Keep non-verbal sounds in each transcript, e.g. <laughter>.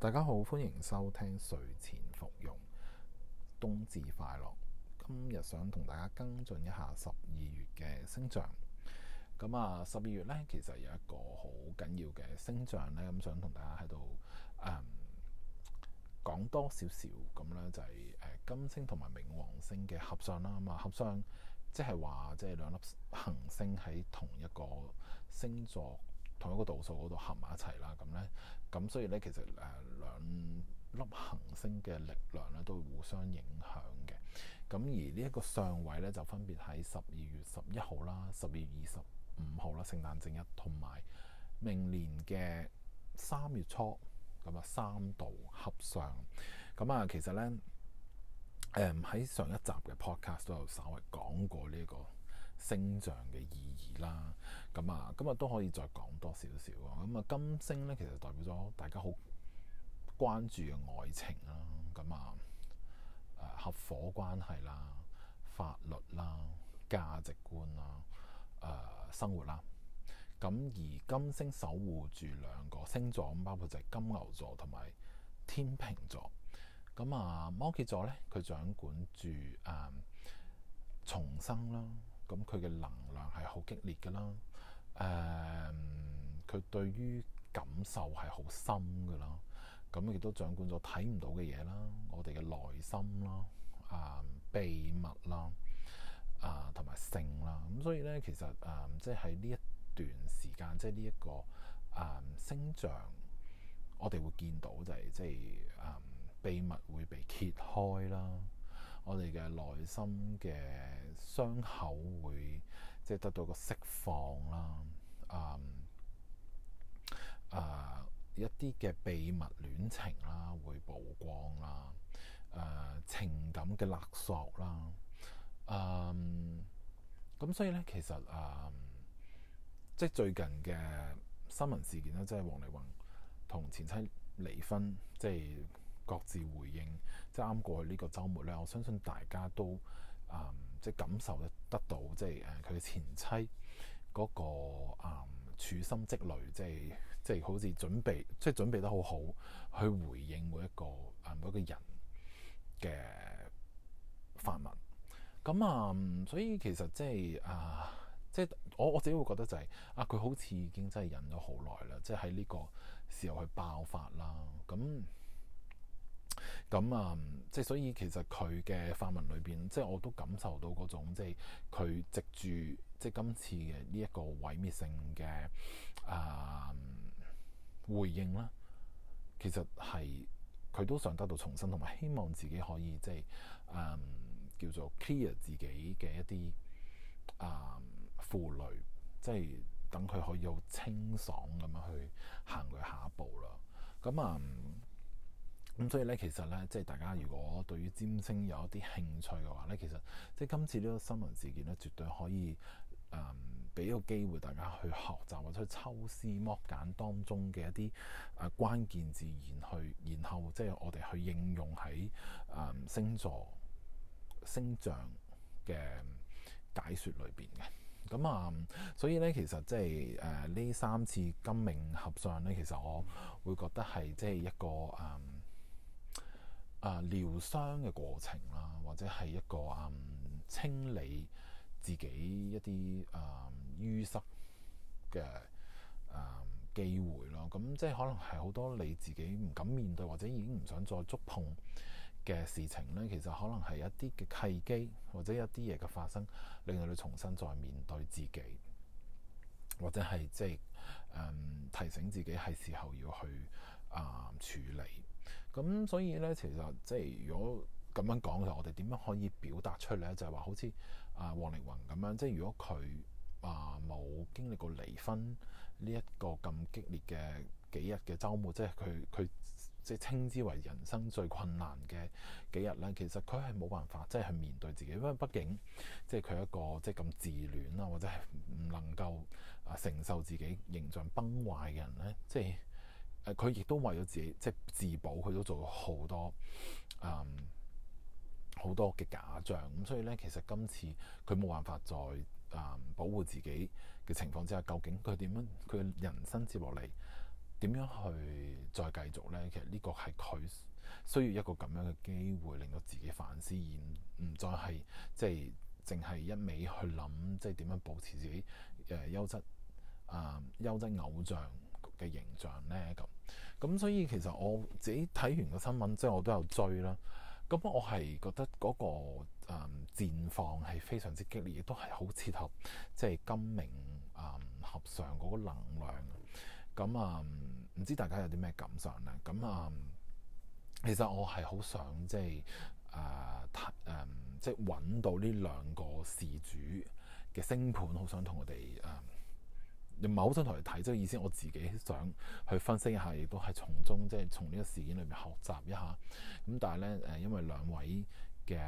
大家好，歡迎收聽睡前服用，冬至快樂。今日想同大家跟進一下十二月嘅星象。咁啊，十二月呢，其實有一個好緊要嘅星象呢，咁想同大家喺度誒講多少少咁呢，就係金星同埋冥王星嘅合相啦。咁啊，合相即係話即係兩粒行星喺同一個星座，同一個度數嗰度合埋一齊啦。咁呢。咁所以咧，其實誒兩粒行星嘅力量咧，都會互相影響嘅。咁而呢一個相位咧，就分別喺十二月十一號啦，十二月二十五號啦，聖誕正日，同埋明年嘅三月初咁啊，三度合相咁啊。其實咧誒喺上一集嘅 podcast 都有稍微講過呢一個。星象嘅意義啦，咁啊，咁啊都可以再講多少少啊。咁啊，金星咧其實代表咗大家好關注嘅愛情啦，咁啊，合夥關係啦、法律啦、價值觀啦，誒、呃、生活啦。咁而金星守護住兩個星座包括就係金牛座同埋天秤座。咁啊，摩羯座咧，佢掌管住誒、呃、重生啦。咁佢嘅能量係好激烈噶啦，誒、呃、佢對於感受係好深噶啦，咁亦都掌管咗睇唔到嘅嘢啦，我哋嘅內心啦、啊、呃、秘密啦、啊同埋性啦，咁所以咧其實誒、呃、即係喺呢一段時間，即係呢一個啊星象，我哋會見到就係、是、即係啊、呃、秘密會被揭開啦。我哋嘅內心嘅傷口會即係得到個釋放啦，啊、嗯，啊、呃、一啲嘅秘密戀情啦會曝光啦，誒、呃、情感嘅勒索啦，嗯，咁所以咧其實誒、呃，即係最近嘅新聞事件咧，即係王力宏同前妻離婚，即係。各自回應，即係啱過去呢個周末咧，我相信大家都啊、嗯，即係感受得到，即係誒佢嘅前妻嗰、那個啊，處、嗯、心積慮，即係即係好似準備，即係準備得好好去回應每一個啊嗰、嗯、個人嘅發文。咁啊、嗯，所以其實即係啊，即係我我自己會覺得就係、是、啊，佢好似已經真係忍咗好耐啦，即係喺呢個時候去爆發啦。咁咁啊、嗯，即係所以其實佢嘅發文裏邊，即係我都感受到嗰種即係佢藉住即係今次嘅呢一個毀滅性嘅啊、呃、回應啦，其實係佢都想得到重生，同埋希望自己可以即係啊、呃、叫做 clear 自己嘅一啲啊負累，即係等佢可以好清爽咁樣去行佢下一步啦。咁啊～、嗯咁所以咧，其實咧，即係大家如果對於占星有一啲興趣嘅話咧，其實即係今次呢個新聞事件咧，絕對可以誒俾、嗯、一個機會大家去學習，或者去抽絲剝繭當中嘅一啲誒關鍵字，然去然後即係我哋去應用喺誒、嗯、星座、星象嘅解説裏邊嘅。咁、嗯、啊，所以咧，其實即係誒呢三次金冥合相咧，其實我會覺得係即係一個誒。嗯啊，療傷嘅過程啦，或者係一個啊、嗯、清理自己一啲啊、嗯、淤塞嘅啊、嗯、機會咯。咁、嗯、即係可能係好多你自己唔敢面對，或者已經唔想再觸碰嘅事情咧。其實可能係一啲嘅契機，或者一啲嘢嘅發生，令到你重新再面對自己，或者係即係誒、嗯、提醒自己係時候要去啊、嗯、處理。咁所以咧，其實即係如果咁樣講嘅話，嘅我哋點樣可以表達出嚟咧？就係話好似啊王力宏咁樣，即係如果佢啊冇經歷過離婚呢一個咁激烈嘅幾日嘅周末，即係佢佢即係稱之為人生最困難嘅幾日咧，其實佢係冇辦法即係去面對自己，因為畢竟即係佢一個即係咁自戀啊，或者係唔能夠啊承受自己形象崩壞嘅人咧，即係。佢亦都為咗自己即係自保，佢都做咗好多啊好多嘅假象。咁所以咧，其實今次佢冇辦法再啊、嗯、保護自己嘅情況之下，究竟佢點樣？佢人生接落嚟點樣去再繼續咧？其實呢個係佢需要一個咁樣嘅機會，令到自己反思，而唔再係即係淨係一味去諗，即係點樣保持自己嘅優質啊優質偶像。嘅形象咧咁，咁所以其實我自己睇完個新聞，即係我都有追啦。咁我係覺得嗰、那個誒戰況係非常之激烈，亦都係好切合即係金冥誒、嗯、合上嗰個能量。咁啊，唔、嗯、知大家有啲咩感想咧？咁啊、嗯，其實我係好想即係誒誒即係揾到呢兩個事主嘅星盤，好想同我哋誒。嗯又唔係好想同佢睇，即係意思，我自己想去分析一下，亦都係從中即係從呢個事件裏面學習一下。咁但係咧誒，因為兩位嘅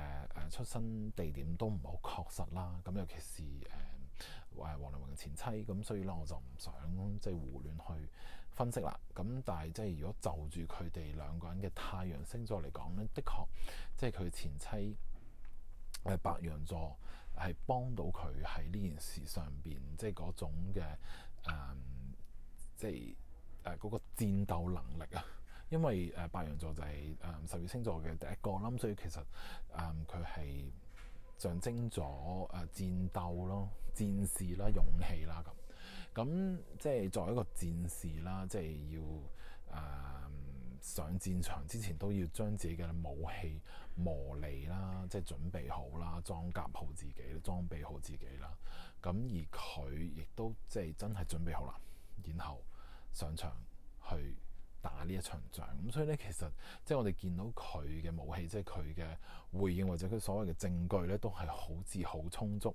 誒出生地點都唔好確實啦，咁尤其是誒王力宏嘅前妻，咁所以咧我就唔想即係胡亂去分析啦。咁但係即係如果就住佢哋兩個人嘅太陽星座嚟講咧，的確即係佢前妻係、呃、白羊座。係幫到佢喺呢件事上邊，即係嗰種嘅誒，即係誒嗰個戰鬥能力啊。因為誒白羊座就係、是、誒、呃、十二星座嘅第一個啦，所以其實誒佢係象徵咗誒、呃、戰鬥咯、戰士啦、勇氣啦咁。咁、嗯、即係作為一個戰士啦，即係要誒。呃上戰場之前都要將自己嘅武器磨利啦，即係準備好啦，裝甲好自己，裝備好自己啦。咁而佢亦都即係真係準備好啦，然後上場去打呢一場仗。咁所以呢，其實即係我哋見到佢嘅武器，即係佢嘅回應或者佢所謂嘅證據呢，都係好似好充足。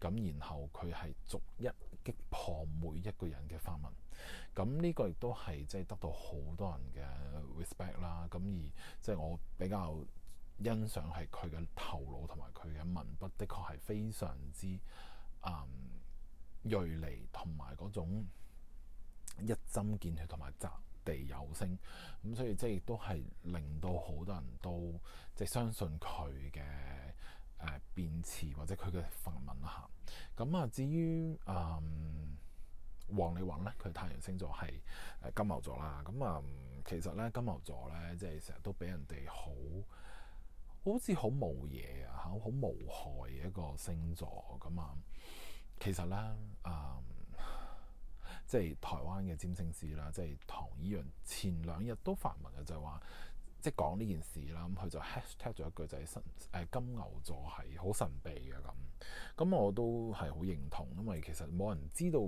咁然後佢係逐一擊破每一個人嘅發問，咁、這、呢個亦都係即係得到好多人嘅 respect 啦。咁而即係我比較欣賞係佢嘅頭腦同埋佢嘅文筆，的確係非常之嗯鋭利，同埋嗰種一針見血同埋擲地有聲。咁所以即係亦都係令到好多人都即係、就是、相信佢嘅。誒變詞或者佢嘅發文嚇，咁、嗯、啊至於誒王力宏咧，佢、嗯、太陽星座係金牛座啦，咁、嗯、啊其實咧金牛座咧，即係成日都俾人哋好好似好無嘢啊，好好無害嘅一個星座咁啊、嗯，其實咧誒、嗯、即係台灣嘅占星師啦，即係唐綺陽前兩日都發文嘅就係話。即係講呢件事啦，咁佢就 hashtag 咗一句就係神誒金牛座係好神秘嘅咁。咁我都係好認同，因為其實冇人知道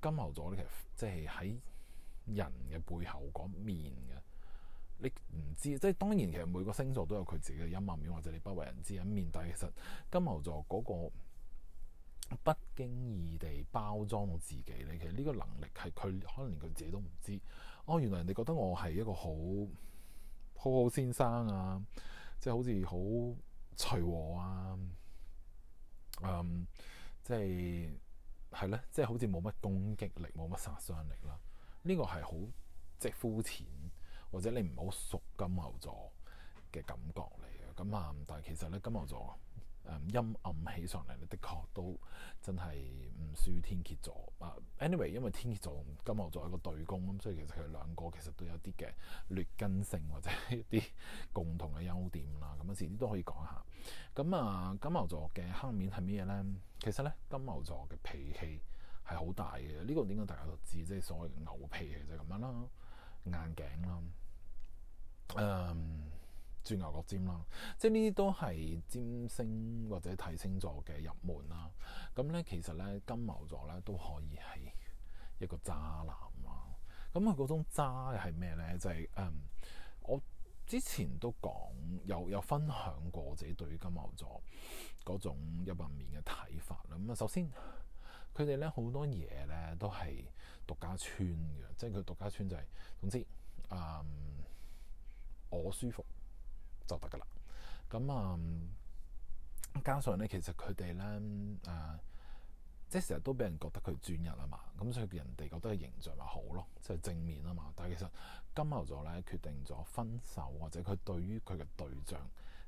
金牛座咧，其實即係喺人嘅背後嗰面嘅。你唔知即係、就是、當然，其實每個星座都有佢自己嘅陰暗面，或者你不為人知一面。但係其實金牛座嗰個不經意地包裝我自己咧，其實呢個能力係佢可能連佢自己都唔知。哦，原來人哋覺得我係一個好好好先生啊，即係好似好隨和啊，嗯，即係係咧，即係好似冇乜攻擊力，冇乜殺傷力啦。呢、這個係好即係膚淺，或者你唔好熟金牛座嘅感覺嚟嘅。咁啊，但係其實咧，金牛座。誒、嗯、陰暗起上嚟咧，的確都真係唔輸天蠍座啊。Uh, anyway，因為天蠍座金牛座係一個對攻咁，所以其實佢兩個其實都有啲嘅劣根性或者一啲共同嘅優點啦。咁啊，遲啲都可以講下。咁啊，金牛座嘅黑面係咩嘢咧？其實咧，金牛座嘅脾氣係好大嘅。呢、這個點解大家就知？即係所謂嘅牛脾氣就咁樣啦，硬頸啦、啊，誒、um,。鑽牛角尖啦，即係呢啲都係占星或者睇星座嘅入門啦。咁咧，其實咧金牛座咧都可以係一個渣男啦。咁佢嗰種渣係咩咧？就係、是、誒、嗯，我之前都講有有分享過自己對於金牛座嗰種入面嘅睇法啦。咁啊，首先佢哋咧好多嘢咧都係獨家村嘅，即係佢獨家村就係、是、總之誒、嗯，我舒服。就得噶啦，咁、嗯、啊加上咧，其實佢哋咧誒，即係成日都俾人覺得佢專一啊嘛，咁所以人哋覺得嘅形象咪好咯，即、就、係、是、正面啊嘛。但係其實金牛座咧決定咗分手或者佢對於佢嘅對象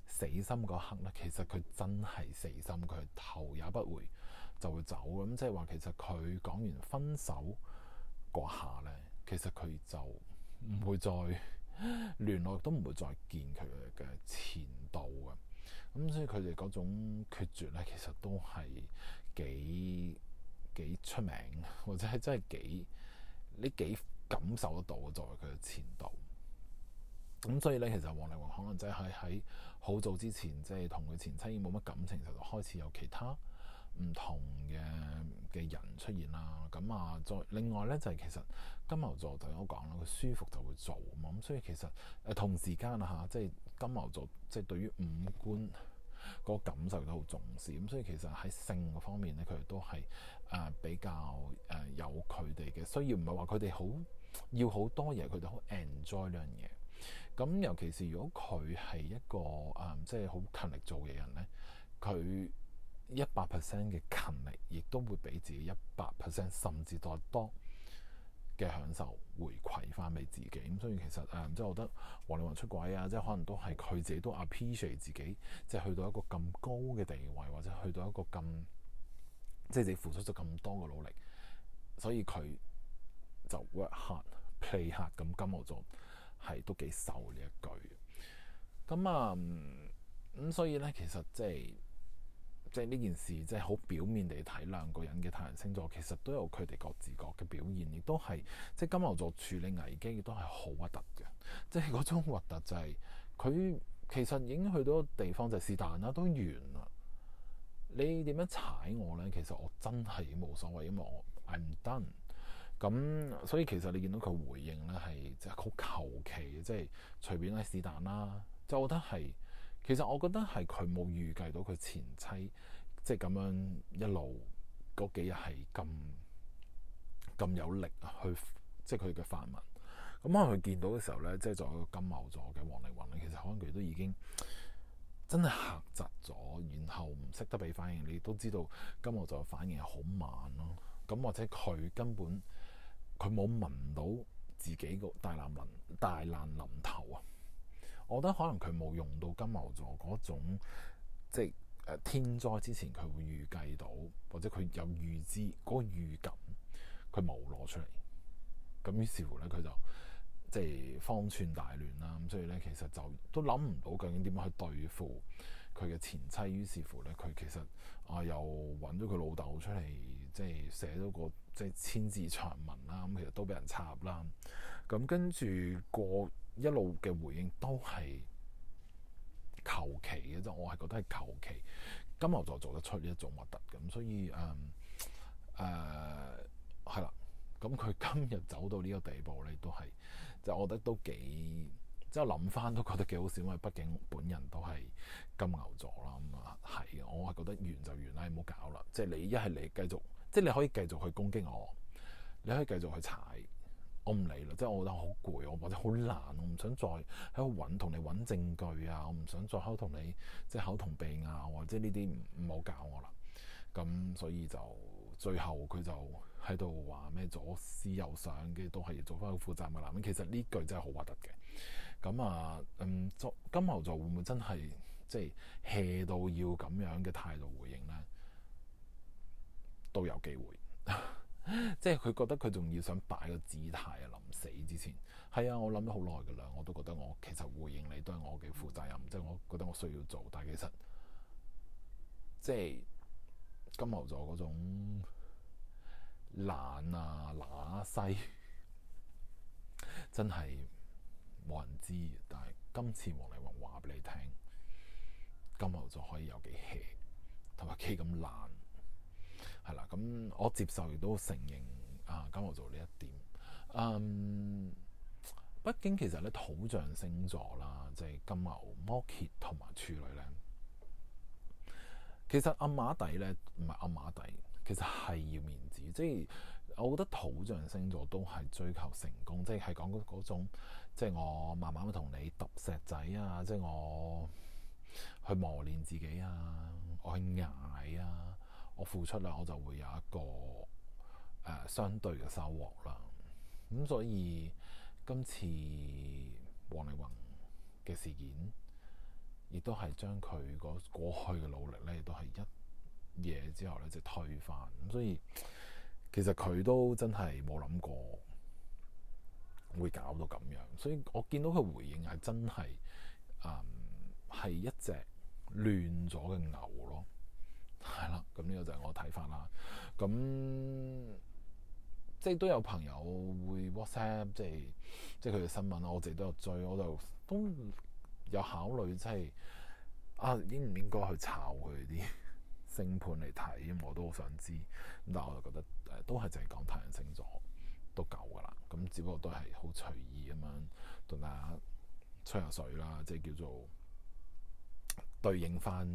死心嗰刻咧，其實佢真係死心，佢頭也不回就會走。咁即係話其實佢講完分手嗰下咧，其實佢就唔會再。聯絡都唔會再見佢嘅前度嘅，咁所以佢哋嗰種決絕咧，其實都係幾幾出名，或者係真係幾你幾感受得到嘅，作為佢嘅前度。咁所以咧，其實王力宏可能真係喺好早之前，即係同佢前妻已冇乜感情，就就開始有其他。唔同嘅嘅人出現啦，咁啊再另外咧就係、是、其實金牛座就咁講啦，佢舒服就會做嘛，咁、嗯、所以其實誒、啊、同時間啊吓即係金牛座即係對於五官嗰個感受都好重視，咁所以其實喺性嗰方面咧，佢哋都係誒、呃、比較誒、呃、有佢哋嘅需要，唔係話佢哋好要好多嘢，佢哋好 enjoy 呢樣嘢，咁尤其是如果佢係一個誒、呃、即係好勤力做嘢人咧，佢。一百 percent 嘅勤力，亦都會俾自己一百 percent，甚至再多嘅享受回饋翻俾自己。咁、嗯、所以其實誒、嗯，即係我覺得王力宏出軌啊，即係可能都係佢自己都 appreciate 自己，即係去到一個咁高嘅地位，或者去到一個咁，即係你付出咗咁多嘅努力，所以佢就 work hard play hard，咁金牛座係都幾受呢一句。咁啊，咁、嗯嗯、所以咧，其實即係。即係呢件事，即係好表面地睇兩個人嘅太陽星座，其實都有佢哋各自各嘅表現，亦都係即係金牛座處理危機亦都係好核突嘅。即係嗰種核突就係、是、佢其實已經去到個地方，就是但啦，都完啦。你點樣踩我呢？其實我真係冇所謂，因為我 I'm d 咁，所以其實你見到佢回應呢，係即係好求其，即係隨便咧，是但啦。就覺得係。其實我覺得係佢冇預計到佢前妻即係咁樣一路嗰幾日係咁咁有力去，即係佢嘅發文。咁可能佢見到嘅時候咧，即係作為一個金牛座嘅王力宏，其實可能佢都已經真係嚇窒咗，然後唔識得俾反應。你都知道金牛座嘅反應係好慢咯、啊。咁或者佢根本佢冇聞到自己個大難臨大難臨頭啊！我覺得可能佢冇用到金牛座嗰種，即係誒天災之前佢會預計到，或者佢有預知嗰個預感，佢冇攞出嚟。咁於是乎咧，佢就即係方寸大亂啦。咁所以咧，其實就都諗唔到究竟點樣去對付佢嘅前妻。於是乎咧，佢其實啊又揾咗佢老豆出嚟，即係寫咗個即係千字長文啦。咁其實都俾人插啦。咁跟住過。一路嘅回應都係求其嘅啫，我係覺得係求其。金牛座做得出呢一種核突咁，所以，誒誒係啦。咁、呃、佢、呃、今日走到呢個地步咧，你都係就是、我覺得都幾即係諗翻都覺得幾好笑，因為畢竟本人都係金牛座啦。咁啊係，我係覺得完就完啦，你唔好搞啦。即、就、係、是、你一係你繼續，即、就、係、是、你可以繼續去攻擊我，你可以繼續去踩。我唔理啦，即係我覺得好攰，我或者好難，我唔想再喺度揾同你揾證據啊，我唔想再喺度同你，即係口同鼻啊，或者呢啲唔好搞我啦。咁所以就最後佢就喺度話咩左思右想，嘅，都係做翻好負責任嘅男人。其實呢句真係好核突嘅。咁啊，嗯，金牛座會唔會真係即係 hea 到要咁樣嘅態度回應咧？都有機會。 <laughs> 即係佢覺得佢仲要想擺個姿態啊，臨死之前係啊，我諗咗好耐噶啦，我都覺得我其實回應你都係我嘅負責任，嗯、即係我覺得我需要做，但係其實即係金牛座嗰種懶啊、乸西，真係冇人知，但係今次黃麗蓉話俾你聽，金牛座可以有幾 hea 同埋 K 咁懶。係啦，咁我接受亦都承認啊金牛座呢一點。嗯，畢竟其實咧土象星座啦，即係金牛、摩羯同埋處女咧，其實阿馬底咧唔係阿馬底，其實係要面子。即係我覺得土象星座都係追求成功，即係係講嗰種，即係我慢慢同你揼石仔啊，即係我去磨練自己啊，我去捱啊。我付出啦，我就會有一個誒、呃、相對嘅收穫啦。咁、嗯、所以今次王力宏嘅事件，亦都係將佢嗰過去嘅努力咧，亦都係一夜之後咧，就係推翻。咁、嗯、所以其實佢都真係冇諗過會搞到咁樣。所以我見到佢回應是是，係真係誒係一隻亂咗嘅牛咯。係啦，咁呢個就係我睇法啦。咁即係都有朋友會 WhatsApp，即係即係佢嘅新聞我自己都有追，我就都有考慮，即係啊，應唔應該去抄佢啲星盤嚟睇？咁我都好想知。咁但係我就覺得誒、呃，都係淨係講太陽星座都夠噶啦。咁只不過都係好隨意咁樣同大家吹下水啦，即係叫做對應翻、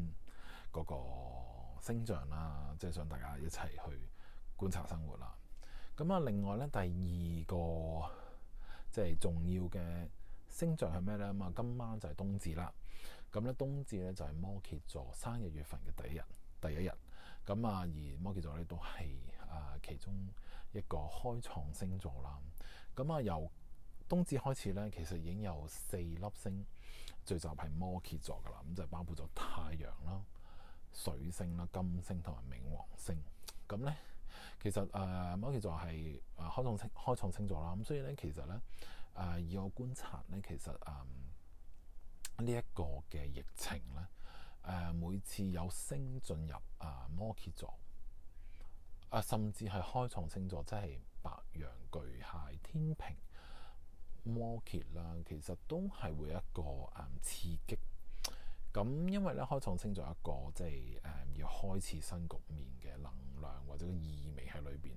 那、嗰個。星象啦，即係想大家一齊去觀察生活啦。咁啊，另外咧，第二個即係、就是、重要嘅星象係咩咧？咁啊，今晚就係冬至啦。咁咧，冬至咧就係摩羯座生日月份嘅第一日，第一日。咁啊，而摩羯座咧都係啊其中一個開創星座啦。咁啊，由冬至開始咧，其實已經有四粒星聚集喺摩羯座噶啦。咁就包括咗太陽啦。水星啦、金星同埋冥王星，咁咧其實誒、呃、摩羯座係誒開創星開創星座啦，咁所以咧其實咧誒以我觀察咧，其實誒呢一、呃呃這個嘅疫情咧誒、呃、每次有星進入啊、呃、摩羯座啊、呃，甚至係開創星座，即係白羊、巨蟹、天秤摩羯啦，其實都係會一個誒、呃、刺激。咁，因為咧，開創清咗一個即係誒、嗯、要開始新局面嘅能量或者個意味喺裏邊，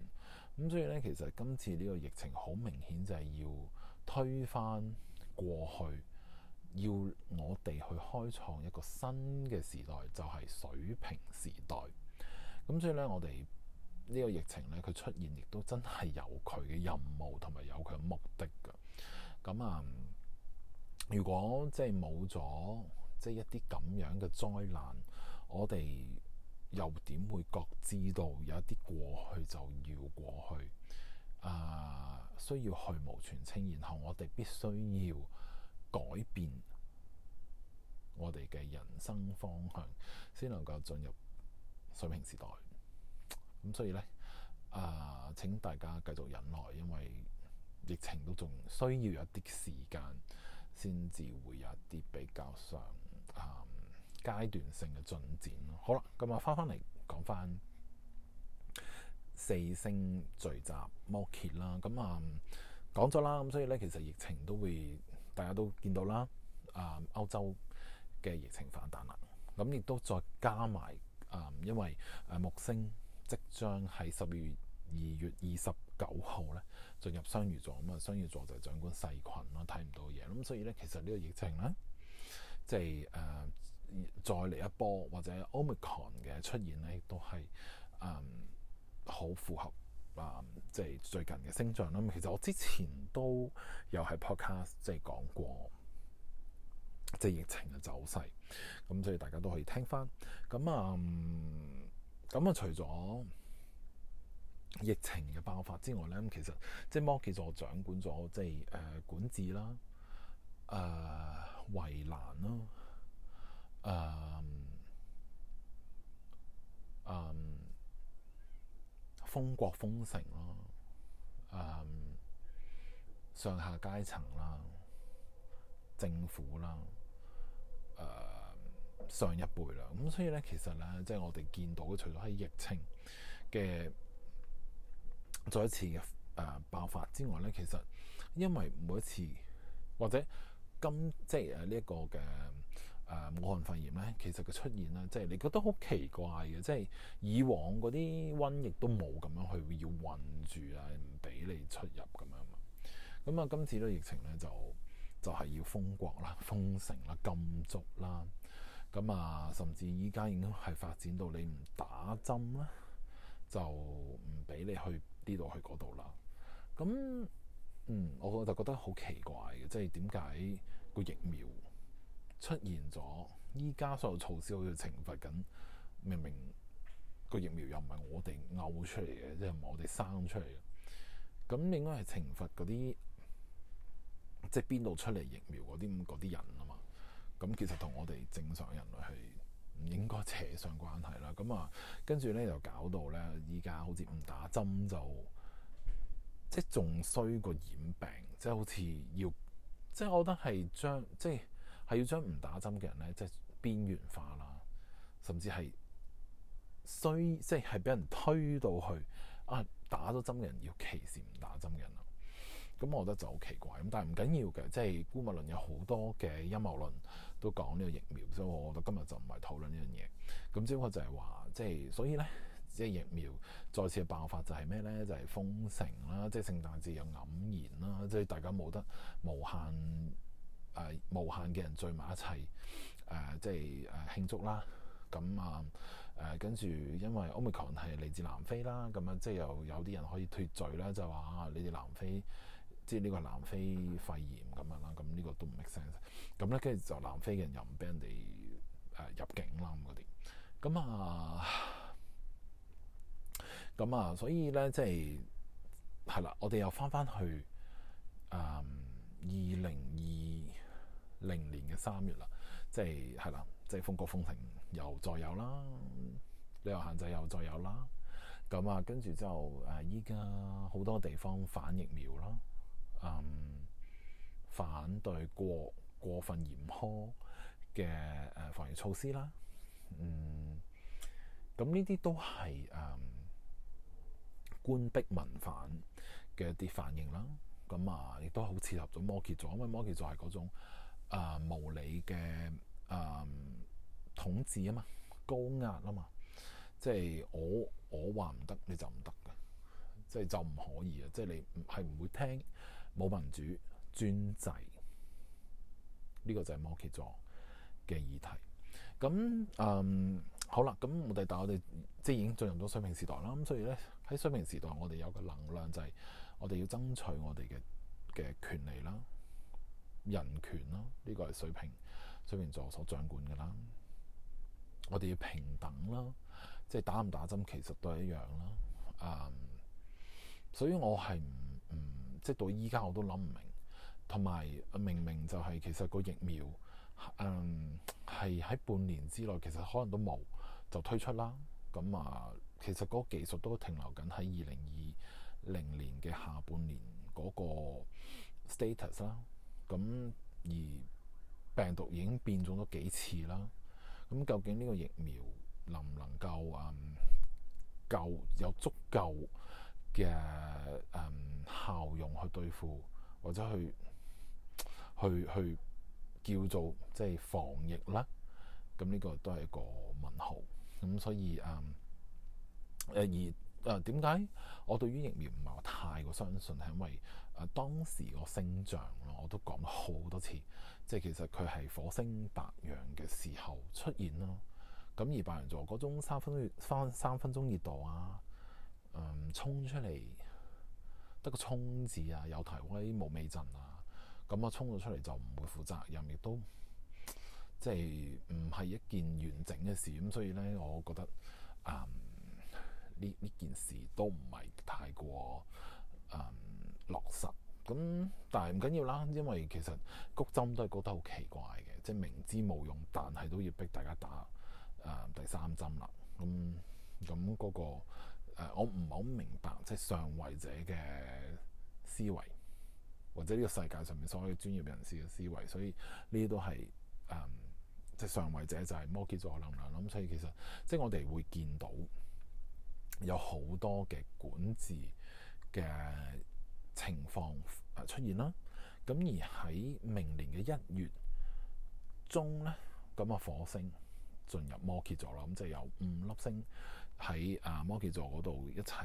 咁，所以咧，其實今次呢個疫情好明顯就係要推翻過去，要我哋去開創一個新嘅時代，就係、是、水瓶時代。咁所以咧，我哋呢個疫情咧，佢出現亦都真係有佢嘅任務同埋有佢嘅目的、的。咁、嗯、啊，如果即係冇咗。即係一啲咁樣嘅災難，我哋又點會覺知道有一啲過去就要過去？啊、呃，需要去蕪存菁，然後我哋必須要改變我哋嘅人生方向，先能夠進入水瓶時代。咁所以呢，啊、呃，請大家繼續忍耐，因為疫情都仲需要一啲時間先至會有一啲比較上。啊、嗯，階段性嘅進展好啦，咁、嗯、啊，翻返嚟講翻四星聚集摩羯啦。咁、嗯、啊，講咗啦，咁所以咧，其實疫情都會大家都見到啦。啊、嗯，歐洲嘅疫情反彈啦，咁、嗯、亦都再加埋啊、嗯，因為啊木星即將喺十二月二月二十九號咧進入雙魚座，咁啊雙魚座就係掌管細菌啦，睇唔到嘢咁，所以咧其實呢個疫情咧。即係誒、呃、再嚟一波，或者 Omicron 嘅出現咧，都係誒好符合誒、嗯、即係最近嘅星象啦。其實我之前都有係 podcast 即係講過，即係疫情嘅走勢，咁、嗯、所以大家都可以聽翻。咁啊咁啊，除咗疫情嘅爆發之外咧，咁其實即係摩羯座掌管咗即係誒、呃、管治啦，誒、呃。圍欄啦，誒誒、啊啊、封國封城啦、啊，誒、啊、上下階層啦、啊，政府啦、啊，誒、啊、上一輩啦，咁所以咧，其實咧，即係我哋見到，除咗喺疫情嘅再一次嘅誒、呃、爆發之外咧，其實因為每一次或者。今即係誒呢一個嘅誒、呃、武漢肺炎咧，其實嘅出現咧，即係你覺得好奇怪嘅，即係以往嗰啲瘟疫都冇咁樣去要困住啊，唔俾你出入咁樣咁啊，今次咧疫情咧就就係、是、要封國啦、封城啦、禁足啦。咁啊，甚至依家已經係發展到你唔打針啦，就唔俾你去呢度去嗰度啦。咁嗯，我就覺得好奇怪嘅，即係點解個疫苗出現咗，依家所有措施好似懲罰緊，明明個疫苗又唔係我哋嘔出嚟嘅，即係唔係我哋生出嚟嘅，咁應該係懲罰嗰啲即係邊度出嚟疫苗嗰啲啲人啊嘛，咁其實同我哋正常人類係唔應該扯上關係啦。咁啊，跟住咧就搞到咧，依家好似唔打針就。即係仲衰過染病，即係好似要即係我覺得係將即係係要將唔打針嘅人咧，即係邊緣化啦，甚至係衰即係係俾人推到去啊！打咗針嘅人要歧視唔打針嘅人啦。咁我覺得就好奇怪咁，但係唔緊要嘅，即係烏物論有好多嘅陰謀論都講呢個疫苗，所以我覺得今日就唔係討論呢樣嘢。咁只不過就係話即係所以咧。即係疫苗再次嘅爆發就，就係咩咧？就係封城啦。即係聖誕節又黯然啦。即係大家冇得無限誒、呃、無限嘅人聚埋一齊誒、呃，即係誒慶祝啦。咁啊誒，跟、呃、住因為 Omicron 係嚟自南非啦，咁、嗯、啊即係又有啲人可以脫罪啦，就話你哋南非即係呢個南非肺炎咁樣啦。咁、嗯、呢、嗯、個都唔 make sense。咁咧跟住就南非嘅人又唔俾人哋誒入境啦，咁嗰啲咁啊。咁啊，所以咧，即係係啦，我哋又翻翻去，嗯，二零二零年嘅三月啦，即係係啦，即係封國封城又再有啦，旅遊限制又再有啦，咁、嗯、啊，跟住之後，依家好多地方反疫苗啦，嗯，反對過過分嚴苛嘅誒防疫措施啦，嗯，咁呢啲都係誒。嗯官逼民反嘅一啲反應啦，咁啊，亦都好適合咗摩羯座，因為摩羯座係嗰種啊、呃、無理嘅啊、呃、統治啊嘛，高壓啊嘛，即係我我話唔得你就唔得嘅，即係就唔可以嘅，即係你係唔會聽冇民主專制呢、呢個就係摩羯座嘅議題。咁嗯好啦，咁我哋但係我哋即係已經進入咗水瓶時代啦，咁所以咧。喺水瓶時代，我哋有個能量就係、是、我哋要爭取我哋嘅嘅權利啦、人權啦，呢、這個係水瓶水瓶座所掌管嘅啦。我哋要平等啦，即係打唔打針其實都係一樣啦。嗯，所以我係唔唔即係到依家我都諗唔明，同埋明明就係其實個疫苗，嗯，係喺半年之內其實可能都冇就推出啦。咁啊～、嗯其實嗰個技術都停留緊喺二零二零年嘅下半年嗰個 status 啦。咁而病毒已經變種咗幾次啦。咁究竟呢個疫苗能唔能夠嗯夠有足夠嘅誒、嗯、效用去對付或者去去去叫做即係防疫啦？咁呢個都係一個問號。咁所以誒。嗯誒而誒點解我對於疫苗唔係太過相信，係因為誒、呃、當時個星象咯，我都講好多次，即係其實佢係火星白羊嘅時候出現啦。咁而白羊座嗰種三分鐘三,三分鐘熱度啊，誒、嗯、衝出嚟得個衝字啊，有頭威冇尾陣啊，咁啊衝咗出嚟就唔會負責任，亦都即係唔係一件完整嘅事咁，所以咧，我覺得啊。嗯呢呢件事都唔係太過誒、嗯、落實咁，但係唔緊要啦，因為其實谷針都係覺得好奇怪嘅，即係明知冇用，但係都要逼大家打誒、呃、第三針啦。咁咁嗰個、呃、我唔係好明白即係上位者嘅思維，或者呢個世界上面所有專業人士嘅思維，所以呢啲都係誒、嗯、即係上位者就係摩羯座嘅能量啦。咁所以其實即係我哋會見到。有好多嘅管治嘅情況啊出現啦，咁而喺明年嘅一月中咧，咁啊火星進入摩羯座啦，咁就係有五粒星喺啊摩羯座嗰度一齊誒、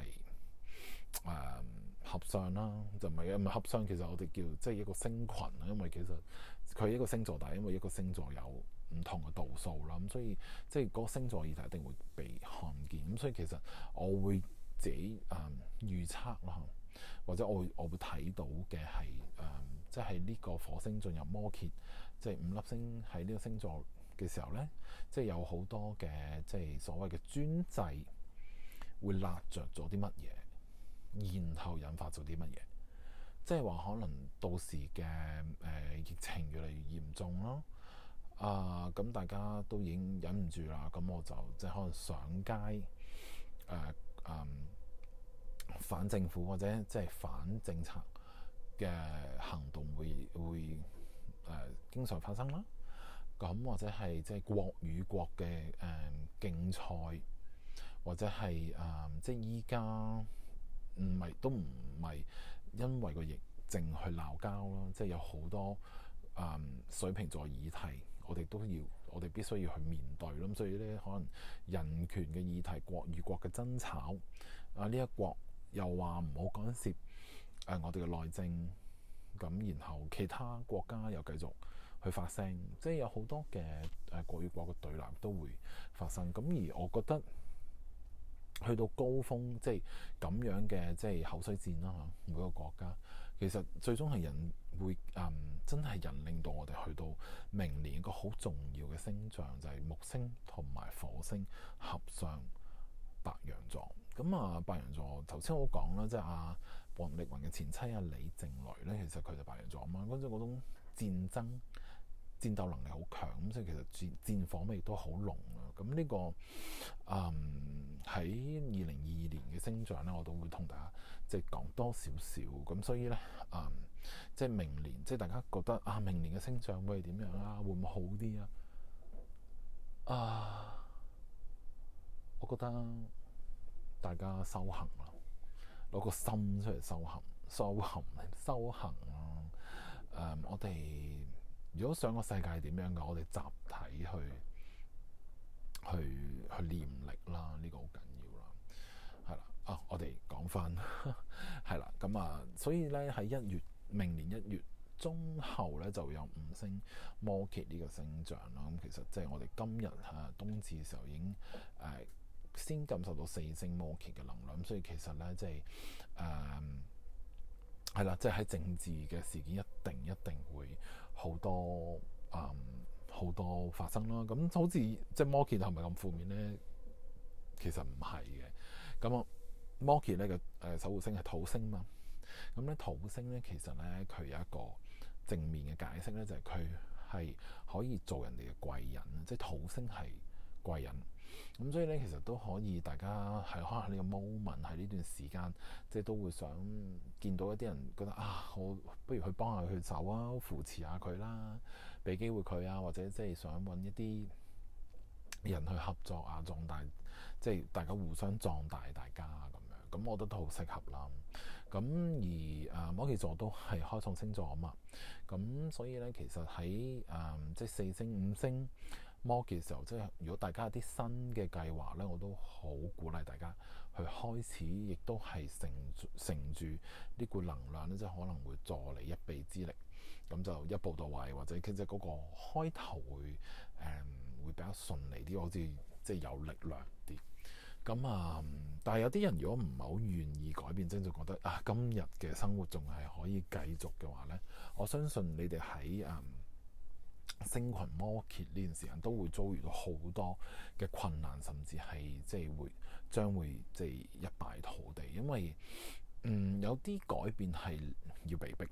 呃、合相啦，就唔係唔係合相，其實我哋叫即係、就是、一個星群啊，因為其實佢係一個星座，但係因為一個星座有。唔同嘅度數啦，咁所以即係嗰個星座二就一定會被看見。咁所以其實我會自己誒、呃、預測啦，或者我會我會睇到嘅係誒，即係呢個火星進入摩羯，即係五粒星喺呢個星座嘅時候咧，即係有好多嘅即係所謂嘅專制會勒着咗啲乜嘢，然後引發咗啲乜嘢，即係話可能到時嘅誒、呃、疫情越嚟越嚴重咯。啊！咁、uh, 大家都已經忍唔住啦，咁我就即係、就是、可能上街誒，嗯、呃呃，反政府或者即係反政策嘅行動會會誒、呃、經常發生啦。咁或者係即係國與國嘅誒、呃、競賽，或者係誒即係依家唔係都唔係因為個疫症去鬧交囉，即、就、係、是、有好多誒、呃、水瓶座議題。我哋都要，我哋必須要去面對。咁所以呢，可能人權嘅議題、國與國嘅爭吵啊，呢一國又話唔好干涉誒、呃、我哋嘅內政，咁然後其他國家又繼續去發聲，即係有好多嘅誒國與國嘅對立都會發生。咁而我覺得去到高峰，即係咁樣嘅即係口水戰啦嚇，每個國家。其實最終係引會嗯真係引領到我哋去到明年一個好重要嘅星象，就係、是、木星同埋火星合上白羊座。咁啊，白羊座頭先我講啦，即、就、係、是、啊王力宏嘅前妻啊李靜蕾咧，其實佢就白羊座啊嘛，跟住嗰種戰爭戰鬥能力好強，咁即以其實戰戰火味亦都好濃啊。咁呢、這個嗯喺二零二二年嘅星象咧，我都會同大家。即係講多少少咁，所以咧，嗯，即係明年，即係大家覺得啊，明年嘅星象會點樣啊？會唔會好啲啊？啊，我覺得大家修行啦，攞個心出嚟修行、修行、修行咯、啊。誒、嗯，我哋如果想個世界點樣嘅，我哋集體去去去念力啦，呢、這個好緊要啦。係啦，啊，我哋。講翻係啦，咁啊， <laughs> 所以咧喺一月明年一月中後咧就有五星摩羯呢個星象啦。咁、嗯、其實即係我哋今日吓、啊、冬至嘅時候已經誒、呃、先感受到四星摩羯嘅能量。咁所以其實咧即係誒係啦，即係喺、呃、政治嘅事件一定一定會好多誒好、呃、多發生啦。咁、嗯、好似即係摩羯係咪咁負面咧？其實唔係嘅。咁、嗯、我。m 摩羯咧嘅誒守護星係土星嘛，咁咧土星咧其實咧佢有一個正面嘅解釋咧，就係佢係可以做人哋嘅貴人，即係土星係貴人。咁所以咧其實都可以大家係可能你個 moment 喺呢段時間，即係都會想見到一啲人覺得啊，我不如去幫下佢手啊，扶持下佢啦，俾機會佢啊，或者即係想揾一啲人去合作啊，壯大，即係大家互相壯大大家咁。咁我覺得都好適合啦。咁而誒摩羯座都係開創星座啊嘛。咁所以咧，其實喺誒、呃、即係四星五星摩羯嘅時候，即係如果大家有啲新嘅計劃咧，我都好鼓勵大家去開始，亦都係承承住呢股能量咧，即係可能會助你一臂之力。咁就一步到位，或者即係嗰個開頭會、嗯、會比較順利啲，好似即係有力量啲。咁啊、嗯！但係有啲人如果唔係好願意改變，真就覺得啊，今日嘅生活仲係可以繼續嘅話咧，我相信你哋喺啊星群摩羯呢段時間都會遭遇到好多嘅困難，甚至係即係會將會即係一敗塗地。因為，嗯，有啲改變係要被逼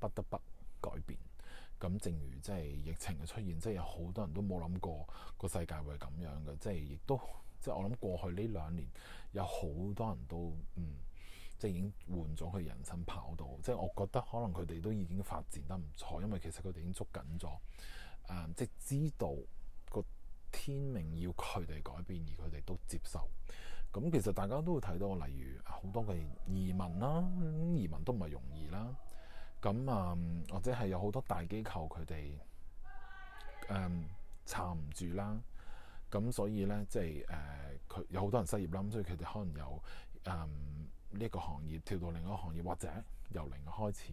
不得不改變。咁正如即係疫情嘅出現，即係有好多人都冇諗過個世界會咁樣嘅，即係亦都。即係我諗過去呢兩年有好多人都嗯，即係已經換咗佢人生跑道。即係我覺得可能佢哋都已經發展得唔錯，因為其實佢哋已經捉緊咗誒、嗯，即知道個天命要佢哋改變，而佢哋都接受。咁其實大家都會睇到，例如好多嘅移民啦，嗯、移民都唔係容易啦。咁啊、嗯，或者係有好多大機構佢哋誒撐唔住啦。咁所以咧，即係誒，佢、呃、有好多人失業啦，咁所以佢哋可能由嗯呢一、這個行業跳到另一個行業，或者由零開始。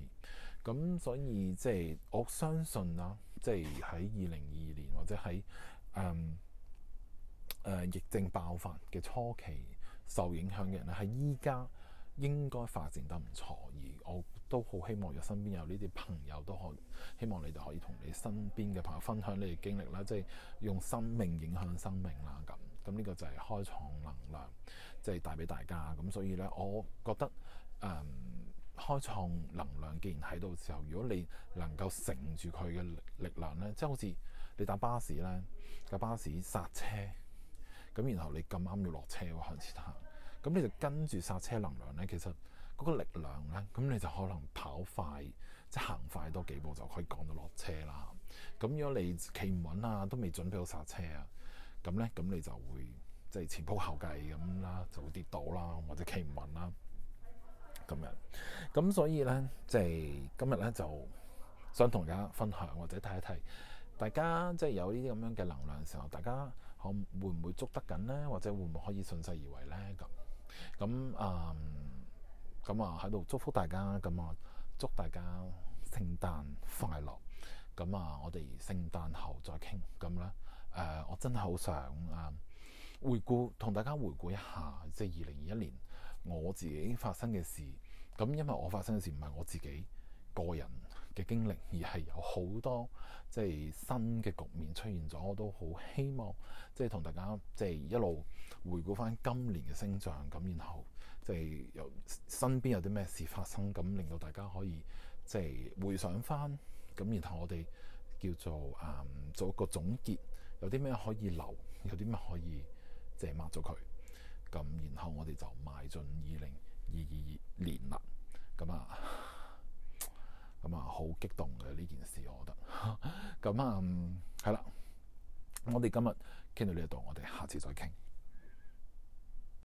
咁所以即係我相信啦，即係喺二零二二年或者喺嗯誒、呃、疫症爆發嘅初期受影響嘅人，喺依家。應該發展得唔錯，而我都好希望身邊有身邊有呢啲朋友，都可希望你哋可以同你身邊嘅朋友分享你哋經歷啦，即係用生命影響生命啦咁。咁呢個就係開創能量，即係帶俾大家。咁所以呢，我覺得誒、嗯、開創能量，既然喺度嘅時候，如果你能夠承住佢嘅力量呢，即係好似你搭巴士呢，架巴士剎車，咁然後你咁啱要落車喎，開始咁你就跟住剎車能量咧，其實嗰個力量咧，咁你就可能跑快即係行快多幾步就可以降到落車啦。咁如果你企唔穩啊，都未準備好剎車啊，咁咧咁你就會即係、就是、前仆後繼咁啦，就會跌倒啦，或者企唔穩啦咁樣。咁所以咧，即、就、係、是、今日咧就想同大家分享或者睇一睇，大家即係、就是、有呢啲咁樣嘅能量嘅時候，大家可會唔會捉得緊咧，或者會唔會可以順勢而為咧咁？咁誒，咁、嗯嗯、啊，喺度祝福大家，咁啊祝大家聖誕快樂。咁啊，我哋聖誕後再傾。咁啦、啊，誒、呃，我真係好想啊，回顧同大家回顧一下，即係二零二一年我自己發生嘅事。咁因為我發生嘅事唔係我自己個人。嘅經歷，而係有好多即係新嘅局面出現咗，我都好希望即係同大家即係一路回顧翻今年嘅星象。咁，然後即係有身邊有啲咩事發生咁，令到大家可以即係回想翻，咁然後我哋叫做誒、嗯、做一個總結，有啲咩可以留，有啲咩可以即係抹咗佢，咁然後我哋就邁進二零二二年啦，咁啊～咁啊，好、嗯、激動嘅呢件事，我覺得。咁啊，係啦、嗯，我哋今日傾到呢度，我哋下次再傾。